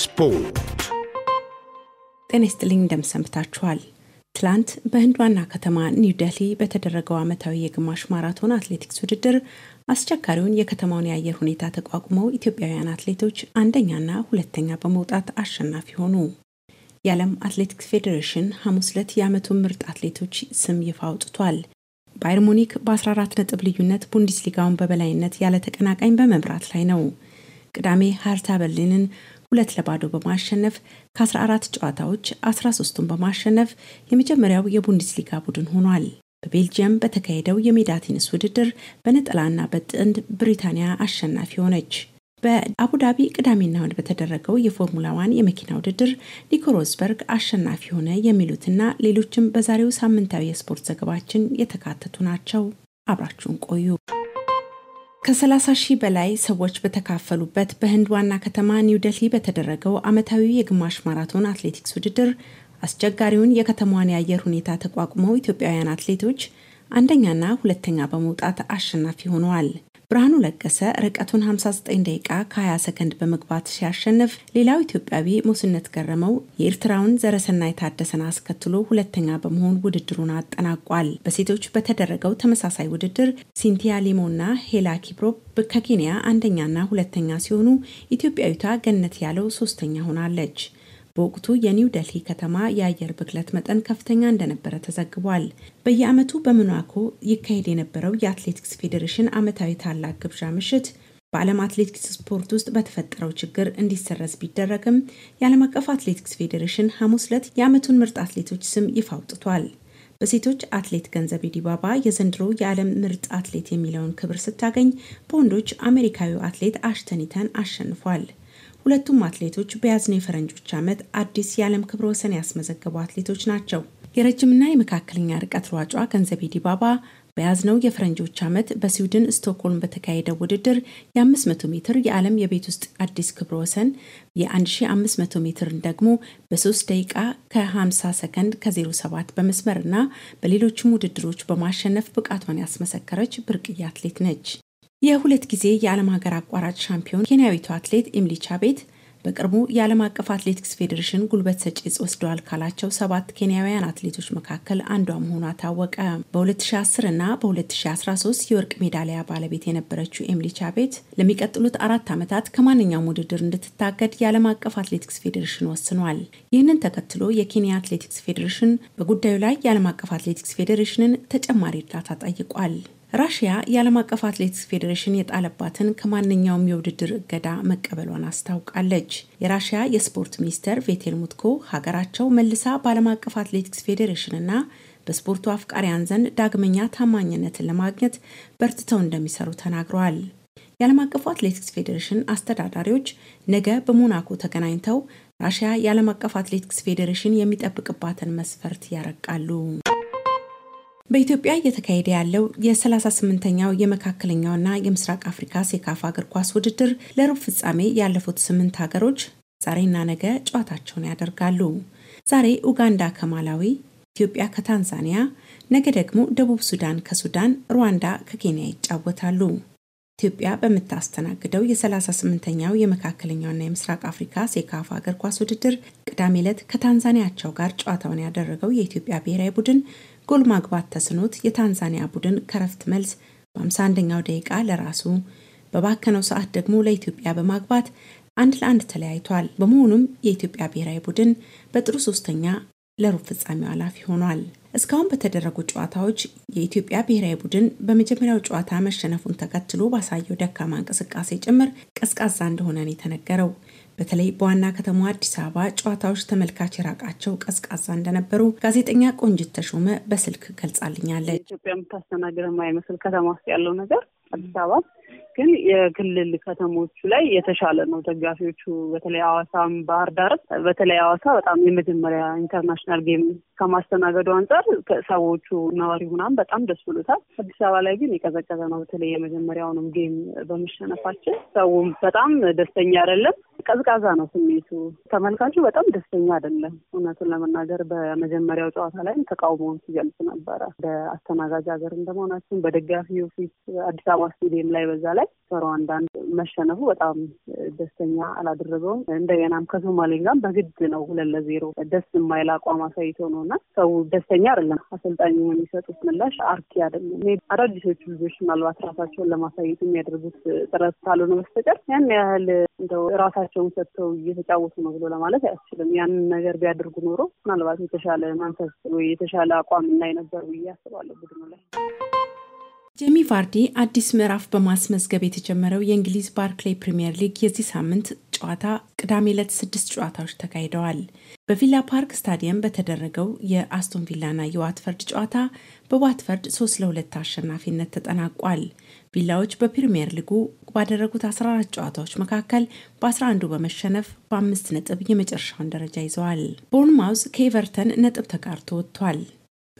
ስፖርት። ጤና ይስጥልኝ፣ እንደምሰንብታችኋል። ትላንት በህንድ ዋና ከተማ ኒው በተደረገው ዓመታዊ የግማሽ ማራቶን አትሌቲክስ ውድድር አስቸጋሪውን የከተማውን የአየር ሁኔታ ተቋቁመው ኢትዮጵያውያን አትሌቶች አንደኛና ሁለተኛ በመውጣት አሸናፊ ሆኑ። የዓለም አትሌቲክስ ፌዴሬሽን ሐሙስ ለት የዓመቱን ምርጥ አትሌቶች ስም ይፋ አውጥቷል። ባየር ሙኒክ በ14 ነጥብ ልዩነት ቡንዲስሊጋውን በበላይነት ያለ ተቀናቃኝ በመምራት ላይ ነው። ቅዳሜ ሀርታ በርሊንን ሁለት ለባዶ በማሸነፍ ከ14 ጨዋታዎች 13ቱን በማሸነፍ የመጀመሪያው የቡንደስሊጋ ቡድን ሆኗል። በቤልጅየም በተካሄደው የሜዳ ቴኒስ ውድድር በነጠላና በጥንድ ብሪታንያ አሸናፊ ሆነች። በአቡዳቢ ቅዳሜና እሁድ በተደረገው የፎርሙላ ዋን የመኪና ውድድር ኒኮ ሮዝበርግ አሸናፊ ሆነ የሚሉትና ሌሎችም በዛሬው ሳምንታዊ የስፖርት ዘገባችን የተካተቱ ናቸው። አብራችሁን ቆዩ። ከ30 ሺህ በላይ ሰዎች በተካፈሉበት በህንድ ዋና ከተማ ኒው ደልሂ በተደረገው ዓመታዊ የግማሽ ማራቶን አትሌቲክስ ውድድር አስቸጋሪውን የከተማዋን የአየር ሁኔታ ተቋቁመው ኢትዮጵያውያን አትሌቶች አንደኛና ሁለተኛ በመውጣት አሸናፊ ሆነዋል። ብርሃኑ ለቀሰ ርቀቱን 59 ደቂቃ ከ20 ሰከንድ በመግባት ሲያሸንፍ፣ ሌላው ኢትዮጵያዊ ሙስነት ገረመው የኤርትራውን ዘረሰናይ ታደሰን አስከትሎ ሁለተኛ በመሆን ውድድሩን አጠናቋል። በሴቶች በተደረገው ተመሳሳይ ውድድር ሲንቲያ ሊሞና ሄላ ኪፕሮፕ ከኬንያ አንደኛና ሁለተኛ ሲሆኑ ኢትዮጵያዊቷ ገነት ያለው ሶስተኛ ሆናለች። በወቅቱ የኒው ደልሂ ከተማ የአየር ብክለት መጠን ከፍተኛ እንደነበረ ተዘግቧል። በየዓመቱ በሞናኮ ይካሄድ የነበረው የአትሌቲክስ ፌዴሬሽን ዓመታዊ ታላቅ ግብዣ ምሽት በዓለም አትሌቲክስ ስፖርት ውስጥ በተፈጠረው ችግር እንዲሰረዝ ቢደረግም የዓለም አቀፍ አትሌቲክስ ፌዴሬሽን ሐሙስ ዕለት የዓመቱን ምርጥ አትሌቶች ስም ይፋ አውጥቷል። በሴቶች አትሌት ገንዘቤ ዲባባ የዘንድሮ የዓለም ምርጥ አትሌት የሚለውን ክብር ስታገኝ፣ በወንዶች አሜሪካዊው አትሌት አሽተኒተን አሸንፏል። ሁለቱም አትሌቶች በያዝነው የፈረንጆች ዓመት አዲስ የዓለም ክብረ ወሰን ያስመዘገቡ አትሌቶች ናቸው። የረጅምና የመካከለኛ ርቀት ሯጯ ገንዘቤ ዲባባ በያዝነው የፈረንጆች ዓመት በስዊድን ስቶክሆልም በተካሄደው ውድድር የ500 ሜትር የዓለም የቤት ውስጥ አዲስ ክብረ ወሰን የ1500 ሜትርን ደግሞ በ3 ደቂቃ ከ50 ሰከንድ ከ07 በመስመርና በሌሎችም ውድድሮች በማሸነፍ ብቃቷን ያስመሰከረች ብርቅዬ አትሌት ነች። የሁለት ጊዜ የዓለም ሀገር አቋራጭ ሻምፒዮን ኬንያዊቱ አትሌት ኤምሊ ቻቤት በቅርቡ የዓለም አቀፍ አትሌቲክስ ፌዴሬሽን ጉልበት ሰጪ እጽ ወስደዋል ካላቸው ሰባት ኬንያውያን አትሌቶች መካከል አንዷ መሆኗ ታወቀ። በ2010 እና በ2013 የወርቅ ሜዳሊያ ባለቤት የነበረችው ኤምሊ ቻቤት ለሚቀጥሉት አራት ዓመታት ከማንኛውም ውድድር እንድትታገድ የዓለም አቀፍ አትሌቲክስ ፌዴሬሽን ወስኗል። ይህንን ተከትሎ የኬንያ አትሌቲክስ ፌዴሬሽን በጉዳዩ ላይ የዓለም አቀፍ አትሌቲክስ ፌዴሬሽንን ተጨማሪ እርዳታ ጠይቋል። ራሽያ የዓለም አቀፍ አትሌቲክስ ፌዴሬሽን የጣለባትን ከማንኛውም የውድድር እገዳ መቀበሏን አስታውቃለች። የራሽያ የስፖርት ሚኒስተር ቬቴል ሙትኮ ሀገራቸው መልሳ በዓለም አቀፍ አትሌቲክስ ፌዴሬሽንና በስፖርቱ አፍቃሪያን ዘንድ ዳግመኛ ታማኝነትን ለማግኘት በርትተው እንደሚሰሩ ተናግረዋል። የዓለም አቀፉ አትሌቲክስ ፌዴሬሽን አስተዳዳሪዎች ነገ በሞናኮ ተገናኝተው ራሽያ የዓለም አቀፍ አትሌቲክስ ፌዴሬሽን የሚጠብቅባትን መስፈርት ያረቃሉ። በኢትዮጵያ እየተካሄደ ያለው የ38ኛው የመካከለኛውና የምስራቅ አፍሪካ ሴካፋ እግር ኳስ ውድድር ለሩብ ፍጻሜ ያለፉት ስምንት ሀገሮች ዛሬና ነገ ጨዋታቸውን ያደርጋሉ። ዛሬ ኡጋንዳ ከማላዊ፣ ኢትዮጵያ ከታንዛኒያ፣ ነገ ደግሞ ደቡብ ሱዳን ከሱዳን፣ ሩዋንዳ ከኬንያ ይጫወታሉ። ኢትዮጵያ በምታስተናግደው የ38ኛው የመካከለኛውና የምስራቅ አፍሪካ ሴካፋ እግር ኳስ ውድድር ቅዳሜ ዕለት ከታንዛኒያቸው ጋር ጨዋታውን ያደረገው የኢትዮጵያ ብሔራዊ ቡድን ጎል ማግባት ተስኖት የታንዛኒያ ቡድን ከረፍት መልስ በ51ኛው ደቂቃ ለራሱ በባከነው ሰዓት ደግሞ ለኢትዮጵያ በማግባት አንድ ለአንድ ተለያይቷል። በመሆኑም የኢትዮጵያ ብሔራዊ ቡድን በጥሩ ሶስተኛ ለሩብ ፍጻሜው አላፊ ሆኗል። እስካሁን በተደረጉ ጨዋታዎች የኢትዮጵያ ብሔራዊ ቡድን በመጀመሪያው ጨዋታ መሸነፉን ተከትሎ ባሳየው ደካማ እንቅስቃሴ ጭምር ቀዝቃዛ እንደሆነ ነው የተነገረው። በተለይ በዋና ከተማ አዲስ አበባ ጨዋታዎች ተመልካች የራቃቸው ቀዝቃዛ እንደነበሩ ጋዜጠኛ ቆንጅት ተሾመ በስልክ ገልጻልኛለች። ኢትዮጵያ የምታስተናግደው የማይመስል ከተማ ውስጥ ያለው ነገር አዲስ አበባ ግን የክልል ከተሞቹ ላይ የተሻለ ነው። ደጋፊዎቹ በተለይ አዋሳም ባህር ዳር፣ በተለይ አዋሳ በጣም የመጀመሪያ ኢንተርናሽናል ጌም ከማስተናገዱ አንጻር ሰዎቹ ነዋሪ ሁናም በጣም ደስ ብሎታል። አዲስ አበባ ላይ ግን የቀዘቀዘ ነው። በተለይ የመጀመሪያውንም ጌም በመሸነፋችን ሰውም በጣም ደስተኛ አይደለም። ቀዝቃዛ ነው ስሜቱ። ተመልካቹ በጣም ደስተኛ አይደለም። እውነቱን ለመናገር በመጀመሪያው ጨዋታ ላይም ተቃውሞውን ሲገልጽ ነበረ። በአስተናጋጅ ሀገር እንደመሆናችን በደጋፊው ፊት አዲስ አበባ ስቴዲየም ላይ በዛ ላይ አንዳንድ መሸነፉ በጣም ደስተኛ አላደረገውም። እንደገናም ከሶማሌ ጋርም በግድ ነው ሁለት ለዜሮ ደስ የማይል አቋም አሳይቶ ነው እና ሰው ደስተኛ አይደለም። አሰልጣኙ የሚሰጡት ምላሽ አርኪ አይደለም። አዳዲሶቹ ልጆች ምናልባት ራሳቸውን ለማሳየት የሚያደርጉት ጥረት ካልሆነ በስተቀር ያን ያህል እንደው ራሳቸው ራሳቸውን ሰጥተው እየተጫወቱ ነው ብሎ ለማለት አያስችልም። ያንን ነገር ቢያደርጉ ኖሮ ምናልባት የተሻለ መንፈስ ወይ የተሻለ አቋም እናይ ነበር ብዬ አስባለሁ ቡድኑ ላይ። ጄሚ ቫርዲ አዲስ ምዕራፍ በማስመዝገብ የተጀመረው የእንግሊዝ ባርክሌይ ፕሪምየር ሊግ የዚህ ሳምንት ጨዋታ ቅዳሜ ዕለት ስድስት ጨዋታዎች ተካሂደዋል። በቪላ ፓርክ ስታዲየም በተደረገው የአስቶን ቪላና የዋትፈርድ ጨዋታ በዋትፈርድ ሶስት ለሁለት አሸናፊነት ተጠናቋል። ቪላዎች በፕሪምየር ሊጉ ባደረጉት 14 ጨዋታዎች መካከል በ11ዱ በመሸነፍ በአምስት ነጥብ የመጨረሻውን ደረጃ ይዘዋል። ቦርንማውዝ ከኤቨርተን ነጥብ ተጋርቶ ወጥቷል።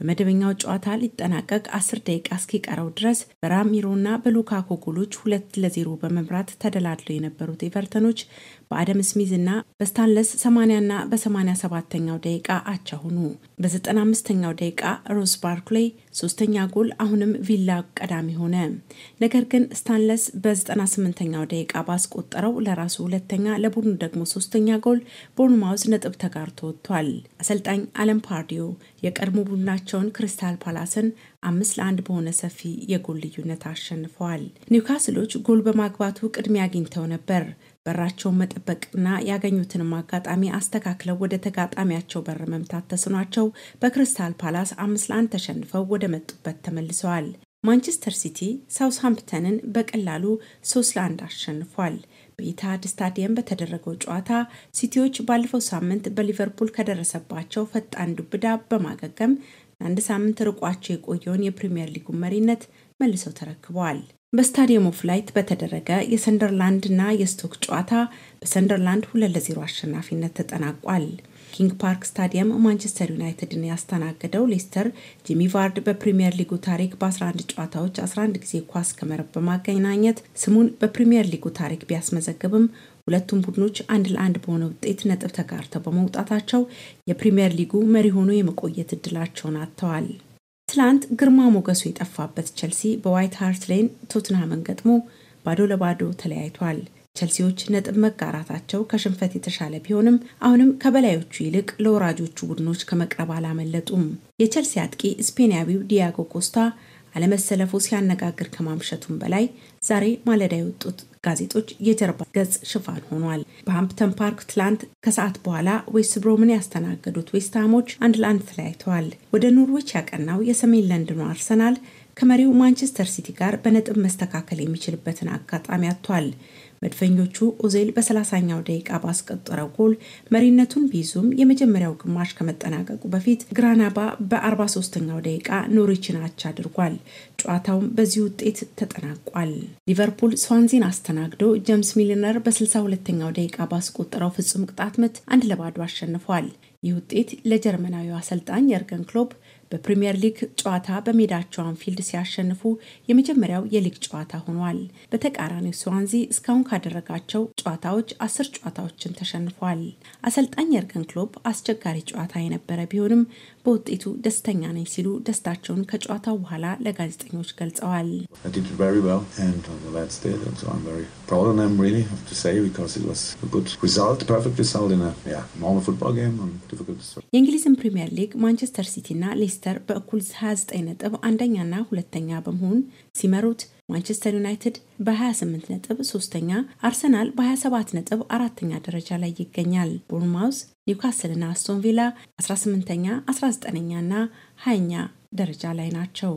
በመደበኛው ጨዋታ ሊጠናቀቅ 10 ደቂቃ እስኪቀረው ድረስ በራሚሮና በሉካኮ ጎሎች ሁለት ለዜሮ በመምራት ተደላድለው የነበሩት ኤቨርተኖች በአደም ስሚዝ እና በስታንለስ 80ና በ87ኛው ደቂቃ አቻ ሆኑ። በ95ኛው ደቂቃ ሮስ ባርክሌይ ሶስተኛ ጎል አሁንም ቪላ ቀዳሚ ሆነ። ነገር ግን ስታንለስ በ98ኛው ደቂቃ ባስቆጠረው ለራሱ ሁለተኛ ለቡድኑ ደግሞ ሶስተኛ ጎል ቦርንማውዝ ነጥብ ተጋርቶ ወጥቷል። አሰልጣኝ አለም ፓርዲዮ የቀድሞ ቡድናቸውን ክሪስታል ፓላስን አምስት ለአንድ በሆነ ሰፊ የጎል ልዩነት አሸንፈዋል። ኒውካስሎች ጎል በማግባቱ ቅድሚያ አግኝተው ነበር። በራቸውን መጠበቅና ያገኙትንም አጋጣሚ አስተካክለው ወደ ተጋጣሚያቸው በር መምታት ተስኗቸው በክሪስታል ፓላስ አምስት ለአንድ ተሸንፈው ወደ መጡበት ተመልሰዋል። ማንቸስተር ሲቲ ሳውስሃምፕተንን በቀላሉ ሶስት ለአንድ አሸንፏል። በኢታድ ስታዲየም በተደረገው ጨዋታ ሲቲዎች ባለፈው ሳምንት በሊቨርፑል ከደረሰባቸው ፈጣን ዱብዳ በማገገም ለአንድ ሳምንት ርቋቸው የቆየውን የፕሪምየር ሊጉ መሪነት መልሰው ተረክበዋል። በስታዲየም ኦፍ ላይት በተደረገ የሰንደርላንድ ና የስቶክ ጨዋታ በሰንደርላንድ ሁለት ለዜሮ አሸናፊነት ተጠናቋል። ኪንግ ፓርክ ስታዲየም ማንቸስተር ዩናይትድን ያስተናገደው ሌስተር ጂሚ ቫርድ በፕሪምየር ሊጉ ታሪክ በ11 ጨዋታዎች 11 ጊዜ ኳስ ከመረብ በማገናኘት ስሙን በፕሪምየር ሊጉ ታሪክ ቢያስመዘግብም ሁለቱም ቡድኖች አንድ ለአንድ በሆነ ውጤት ነጥብ ተጋርተው በመውጣታቸው የፕሪምየር ሊጉ መሪ ሆኖ የመቆየት እድላቸውን አጥተዋል። ትላንት ግርማ ሞገሱ የጠፋበት ቸልሲ በዋይት ሃርት ሌን ቶትናምን ገጥሞ ባዶ ለባዶ ተለያይቷል። ቸልሲዎች ነጥብ መጋራታቸው ከሽንፈት የተሻለ ቢሆንም አሁንም ከበላዮቹ ይልቅ ለወራጆቹ ቡድኖች ከመቅረብ አላመለጡም። የቸልሲ አጥቂ ስፔንያዊው ዲያጎ ኮስታ አለመሰለፉ ሲያነጋግር ከማምሸቱም በላይ ዛሬ ማለዳ የወጡት ጋዜጦች የጀርባ ገጽ ሽፋን ሆኗል። በሃምፕተን ፓርክ ትላንት ከሰዓት በኋላ ዌስት ብሮምን ያስተናገዱት ዌስትሃሞች አንድ ለአንድ ተለያይተዋል። ወደ ኖርዌች ያቀናው የሰሜን ለንድኑ አርሰናል ከመሪው ማንቸስተር ሲቲ ጋር በነጥብ መስተካከል የሚችልበትን አጋጣሚ አጥቷል። መድፈኞቹ ኦዜል በሰላሳኛው ደቂቃ ባስቆጠረው ጎል መሪነቱን ቢይዙም የመጀመሪያው ግማሽ ከመጠናቀቁ በፊት ግራናባ በ43ኛው ደቂቃ ኖሪችን አቻ አድርጓል። ጨዋታውም በዚህ ውጤት ተጠናቋል። ሊቨርፑል ስዋንዚን አስተናግዶ ጀምስ ሚሊነር በ62ኛው ደቂቃ ባስቆጠረው ፍጹም ቅጣት ምት አንድ ለባዶ አሸንፏል። ይህ ውጤት ለጀርመናዊው አሰልጣኝ የርገን ክሎፕ በፕሪምየር ሊግ ጨዋታ በሜዳቸው አንፊልድ ሲያሸንፉ የመጀመሪያው የሊግ ጨዋታ ሆኗል። በተቃራኒው ስዋንዚ እስካሁን ካደረጋቸው ጨዋታዎች አስር ጨዋታዎችን ተሸንፏል። አሰልጣኝ የርገን ክሎፕ አስቸጋሪ ጨዋታ የነበረ ቢሆንም በውጤቱ ደስተኛ ነኝ ሲሉ ደስታቸውን ከጨዋታው በኋላ ለጋዜጠኞች ገልጸዋል። የእንግሊዝን ፕሪምየር ሊግ ማንቸስተር ሲቲ እና ሌስተር በእኩል 29 ነጥብ አንደኛና ሁለተኛ በመሆን ሲመሩት ማንቸስተር ዩናይትድ በ28 ነጥብ ሶስተኛ፣ አርሰናል በ27 ነጥብ አራተኛ ደረጃ ላይ ይገኛል። ኒውካስል ኒውካስልና አስቶን ቪላ 18ኛ፣ 19ኛ እና 20ኛ ደረጃ ላይ ናቸው።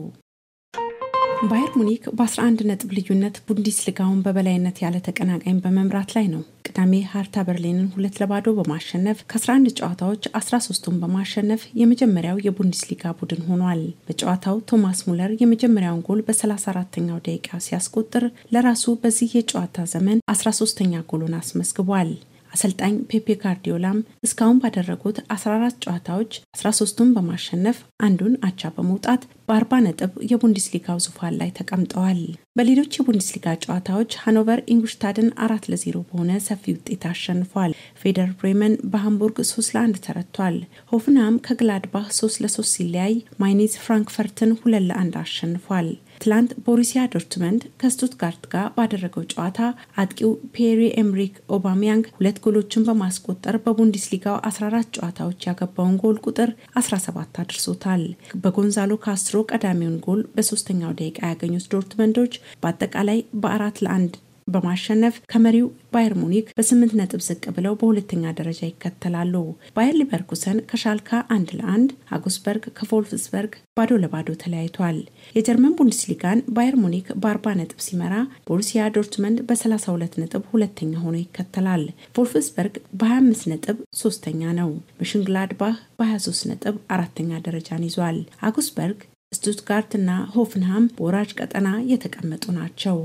ባየር ሙኒክ በ11 ነጥብ ልዩነት ቡንዲስሊጋውን በበላይነት ያለ ተቀናቃኝ በመምራት ላይ ነው። ቅዳሜ ሀርታ በርሊንን ሁለት ለባዶ በማሸነፍ ከ11 ጨዋታዎች 13ቱን በማሸነፍ የመጀመሪያው የቡንደስሊጋ ቡድን ሆኗል። በጨዋታው ቶማስ ሙለር የመጀመሪያውን ጎል በ34ኛው ደቂቃ ሲያስቆጥር ለራሱ በዚህ የጨዋታ ዘመን 13ኛ ጎሉን አስመዝግቧል። አሰልጣኝ ፔፔ ካርዲዮላም እስካሁን ባደረጉት 14 ጨዋታዎች 13ቱን በማሸነፍ አንዱን አቻ በመውጣት በ40 ነጥብ የቡንደስሊጋው ዙፋን ላይ ተቀምጠዋል። በሌሎች የቡንደስሊጋ ጨዋታዎች ሃኖቨር ኢንጉሽታድን አራት ለዜሮ በሆነ ሰፊ ውጤት አሸንፏል። ፌደር ብሬመን በሃምቡርግ ሶስት ለአንድ ተረቷል። ሆፍናም ከግላድባህ ሶስት ለሶስት ሲለያይ ማይኒዝ ፍራንክፈርትን ሁለት ለአንድ አሸንፏል። ትላንት ቦሪሲያ ዶርትመንድ ከስቱትጋርት ጋር ባደረገው ጨዋታ አጥቂው ፔሪ ኤምሪክ ኦባሚያንግ ሁለት ጎሎችን በማስቆጠር በቡንደስሊጋው 14 ጨዋታዎች ያገባውን ጎል ቁጥር 17 አድርሶታል። በጎንዛሎ ካስትሮ ቀዳሚውን ጎል በሶስተኛው ደቂቃ ያገኙት ዶርትመንዶች በአጠቃላይ በአራት ለአንድ በማሸነፍ ከመሪው ባየር ሙኒክ በስምንት ነጥብ ዝቅ ብለው በሁለተኛ ደረጃ ይከተላሉ። ባየር ሊቨርኩሰን ከሻልካ አንድ ለአንድ፣ አጉስበርግ ከቮልፍስበርግ ባዶ ለባዶ ተለያይቷል። የጀርመን ቡንደስሊጋን ባየር ሙኒክ በ40 ነጥብ ሲመራ ቦሩሲያ ዶርትመንድ በ32 ነጥብ ሁለተኛ ሆኖ ይከተላል። ቮልፍስበርግ በ25 ነጥብ ሶስተኛ ነው። በሽንግላድባህ በ23 ነጥብ አራተኛ ደረጃን ይዟል። አጉስበርግ ስቱትጋርት እና ሆፍንሃም በወራጅ ቀጠና የተቀመጡ ናቸው።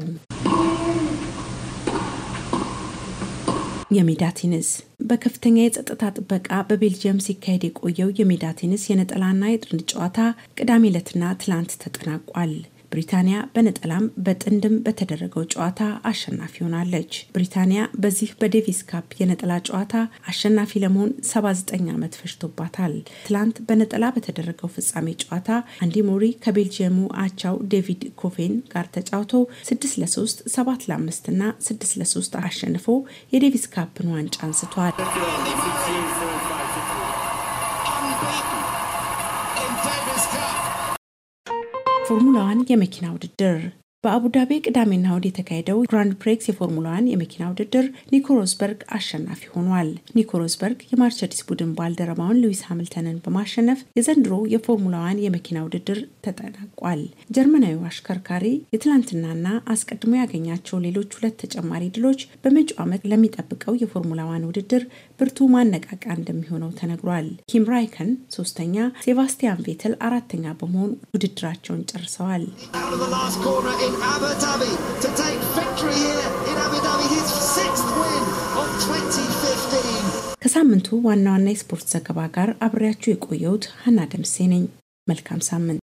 የሜዳ ቴኒስ በከፍተኛ የጸጥታ ጥበቃ በቤልጅየም ሲካሄድ የቆየው የሜዳ ቴኒስ የነጠላና የጥንድ ጨዋታ ቅዳሜ ዕለትና ትላንት ተጠናቋል። ብሪታንያ በነጠላም በጥንድም በተደረገው ጨዋታ አሸናፊ ሆናለች። ብሪታንያ በዚህ በዴቪስ ካፕ የነጠላ ጨዋታ አሸናፊ ለመሆን 79 ዓመት ፈጅቶባታል። ትላንት በነጠላ በተደረገው ፍጻሜ ጨዋታ አንዲ ሞሪ ከቤልጅየሙ አቻው ዴቪድ ኮፌን ጋር ተጫውቶ 6 ለ3፣ 7 ለ5 እና 6 ለ3 አሸንፎ የዴቪስ ካፕን ዋንጫ አንስቷል። የፎርሙላ ዋን የመኪና ውድድር በአቡዳቢ ቅዳሜና እሁድ የተካሄደው ግራንድ ፕሬክስ የፎርሙላ ዋን የመኪና ውድድር ኒኮ ሮዝበርግ አሸናፊ ሆኗል። ኒኮ ሮዝበርግ የማርቸዲስ ቡድን ባልደረባውን ሉዊስ ሃምልተንን በማሸነፍ የዘንድሮ የፎርሙላ ዋን የመኪና ውድድር ተጠናቋል። ጀርመናዊው አሽከርካሪ የትላንትናና አስቀድሞ ያገኛቸው ሌሎች ሁለት ተጨማሪ ድሎች በመጪው ዓመት ለሚጠብቀው የፎርሙላ ዋን ውድድር ብርቱ ማነቃቂያ እንደሚሆነው ተነግሯል። ኪም ራይከን ሶስተኛ፣ ሴባስቲያን ቬትል አራተኛ በመሆን ውድድራቸውን ጨርሰዋል። in Abu Dhabi to take victory here in Abu Dhabi, his sixth win of 2015. ከሳምንቱ ዋና ዋና የስፖርት ዘገባ ጋር አብሬያችሁ የቆየሁት ሀና ደምሴ ነኝ። መልካም ሳምንት።